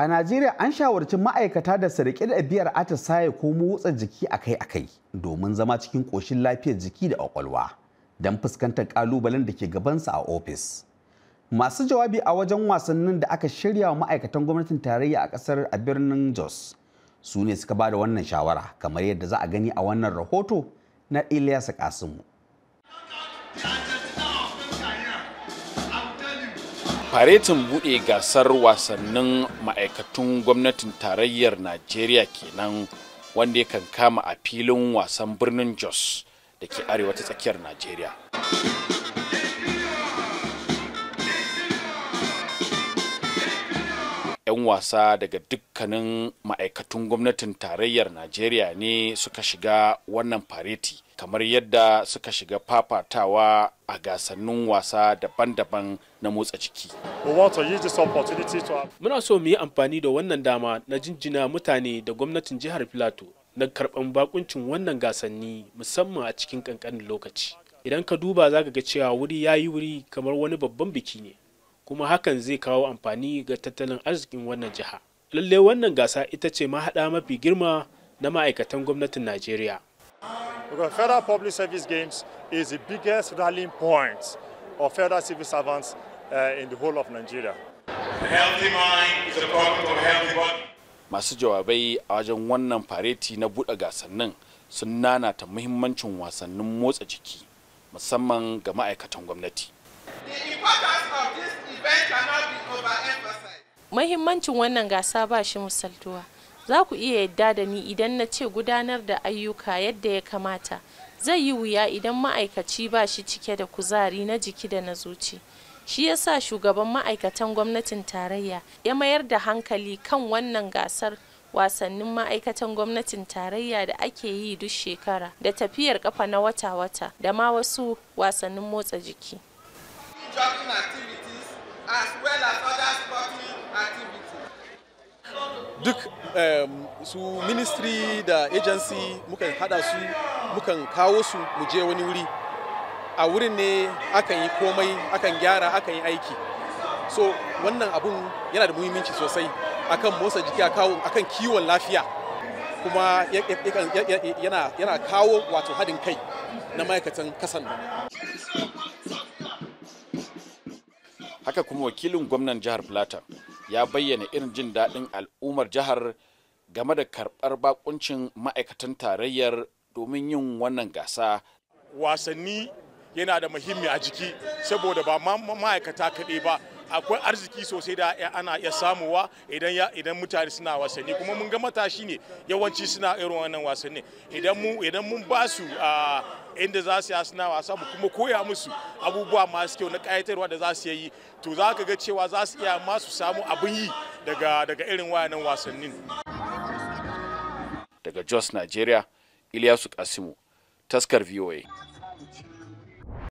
A Najeriya an shawarci ma'aikata da su riƙe da biyar atisaye ko motsa jiki akai-akai domin zama cikin ƙoshin lafiyar jiki da ƙwaƙwalwa don fuskantar ƙalubalen da ke gabansa a ofis. Masu jawabi a wajen wasannin da aka shirya wa ma'aikatan gwamnatin tarayya a ƙasar a birnin Jos su ne suka ba da wannan shawara kamar yadda za a gani a wannan rahoto na Ilyasa Kasimu. faretin bude gasar wasannin ma'aikatun gwamnatin tarayyar najeriya kenan wanda ya kan kama a filin wasan birnin jos da ke arewa ta tsakiyar najeriya 'yan wasa daga dukkanin ma'aikatun gwamnatin tarayyar najeriya ne suka shiga wannan fareti kamar yadda suka shiga fafatawa a gasannin wasa daban-daban na motsa jiki. Muna so mu yi amfani da wannan dama na jinjina mutane da gwamnatin jihar Filato na karɓan bakuncin wannan gasanni musamman a cikin ƙanƙanin lokaci. Idan ka duba za ga cewa wuri ya yi wuri kamar wani babban biki ne. kuma hakan zai kawo amfani ga tattalin arzikin wannan jiha lalle wannan gasa ita ce mahaɗa mafi girma na ma'aikatan gwamnatin najeriya The Federal Public Service Games is the biggest rallying point of federal civil servants uh, in the whole of Nigeria. Masu jawabai a wajen wannan fareti na buɗe gasannin sun nanata muhimmancin wasannin motsa jiki musamman ga ma'aikatan gwamnati. Mahimmancin wannan gasa ba shi musaltuwa Za ku iya yadda da ni idan na ce gudanar da ayyuka yadda ya kamata. Zai yi wuya idan ma'aikaci ba shi cike da kuzari na jiki da na zuci. Shi ya sa shugaban ma'aikatan gwamnatin tarayya ya mayar da hankali kan wannan gasar wasannin ma'aikatan gwamnatin tarayya da ake yi duk shekara da tafiyar kafa na wata-wata da ma wasu wasannin motsa jiki. as well as su ministry da agency mukan hada su mukan kawo su mu je wani wuri a wurin ne akan yi komai akan gyara akan yi aiki so wannan abun yana da muhimmanci sosai akan motsa jiki akan kiwon lafiya kuma yana kawo wato haɗin kai na ma'aikatan kasan haka kuma wakilin gwamnan jihar plateau ya bayyana irin jin daɗin al'ummar jihar game da karɓar bakuncin ma'aikatan tarayyar domin yin wannan gasa. Wasanni yana da muhimmi a jiki saboda ba ma'aikata kaɗai ba akwai arziki sosai da ana iya samuwa idan idan mutane suna wasanni kuma mun ga matashi ne yawanci suna irin wannan wasanni idan mu idan mun ba su inda za su yi suna wasa mu kuma koya musu abubuwa masu kyau na kayatarwa da za su yi to za ka ga cewa za su iya masu samu abin yi daga daga irin wayannan wasannin daga Jos Nigeria Ilyasu Kasimu taskar VOA